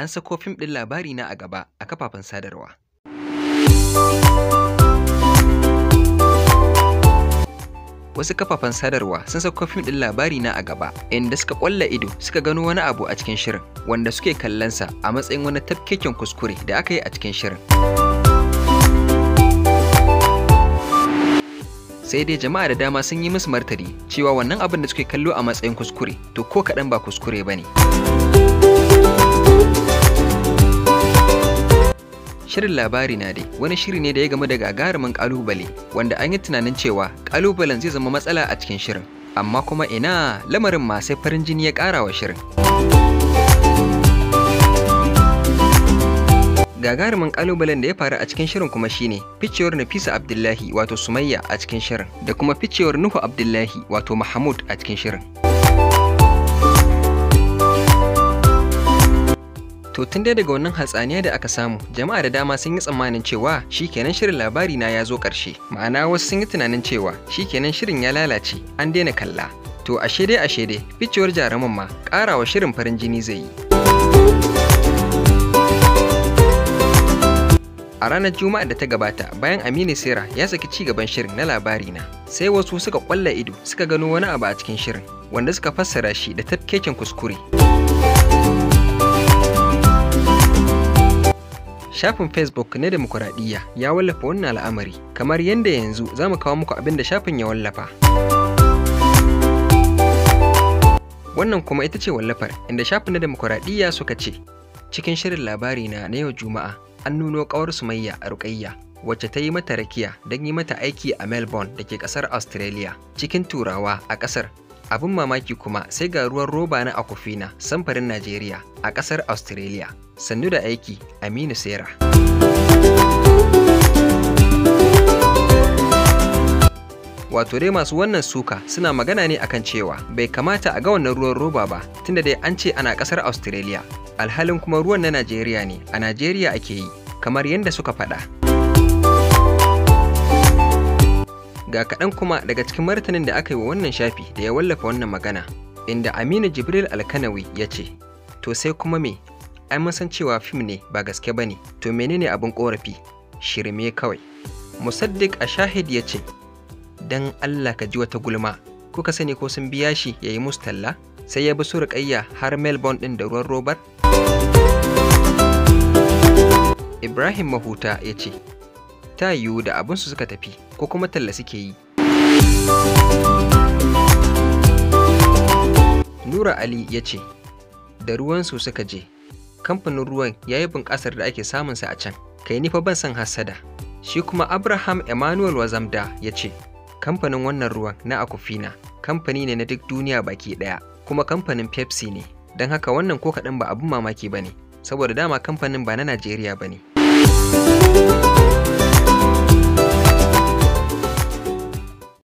an sako fim ɗin labari na a gaba a kafafen sadarwa. Wasu kafafen sadarwa sun sako fim ɗin labari na a gaba, inda suka ƙwalla ido suka gano wani abu a cikin shirin, wanda suke kallonsa a matsayin wani tafkeken kuskure da aka yi a cikin shirin. sai dai jama'a da dama sun yi musu martani cewa wannan abin da suke kallo a matsayin kuskure to ko kaɗan ba kuskure ba ne. Shirin labari na dai wani shiri ne da ya game da gagarumin kalubale wanda an yi tunanin cewa kalubalen zai zama matsala a cikin shirin. Amma kuma ina lamarin ma farin jini ya kara wa shirin. gagarumin kalubalen da ya faru a cikin shirin kuma shine ficewar Nafisa Abdullahi wato Sumayya a cikin shirin da kuma ficewar Nuhu Abdullahi wato Mahmud a cikin shirin. To tun dai daga wannan hatsaniya da aka samu, jama'a da dama sun yi tsammanin cewa shikenan shirin labari na ya zo ƙarshe. Ma'ana wasu sun yi tunanin cewa shikenan shirin ya lalace, an daina kalla. To ashe dai ashe dai, ficewar jaruman ma ƙarawa shirin farin jini zai yi. A ranar Juma'a da ta gabata, bayan Aminu Sera ya saki ci gaban shirin na labari na, sai wasu suka kwalla ido suka gano wani abu a cikin shirin, wanda suka fassara shi da tafkeken kuskure. Shafin Facebook na demokuraɗiyya ya wallafa wannan al'amari, kamar yadda yanzu za mu kawo muku abin da shafin ya wallafa. Wannan kuma ita ce wallafar inda shafin na demokuraɗiyya suka ce, cikin shirin labari na na yau Juma'a an nuno ƙawar Sumayya a Rukayya wacce ta yi mata rakiya don yi mata aiki a Melbourne da ke ƙasar Australia cikin turawa a ƙasar Abin mamaki kuma sai ga ruwan roba na Akufina samfarin Najeriya a ƙasar Australia. Sannu da aiki Aminu Sera. Wato dai masu wannan suka suna magana ne akan cewa bai kamata a ga wannan ruwan roba ba tunda dai an ce ana ƙasar Australia. Alhalin kuma ruwan na Najeriya ne, a Najeriya ake yi, kamar yadda suka faɗa. Ga kaɗan kuma daga cikin martanin da aka yi wa wannan shafi da ya wallafa wannan magana, inda Aminu Jibril Alkanawi ya ce, To sai kuma me, ai mun san cewa fim ne ba gaske ba ne, to menene abin ƙorafi? Shirme kawai. Musaddiq a shahid ya ce, Don Allah ka ji wata gulma, kuka sani ko sun biya shi ya yi musu talla? Sai ya bi su riƙayya har Melbourne ɗin da ruwan robar? Ibrahim Mahuta ya ce, ta yiwu da su suka tafi ko kuma talla suke yi. Nura Ali ya ce, da ruwansu suka je, kamfanin ruwan ya yi bunƙasar da ake samun samunsa a can, kai nifa ban san hassada. Shi kuma Abraham Emmanuel Wazamda ya ce, kamfanin wannan ruwan na Akufina, kamfani ne na duk duniya baki ɗaya, kuma kamfanin Pepsi ne, don haka wannan ko kaɗan ba abin mamaki ba ne, saboda dama kamfanin ba na Najeriya ba ne.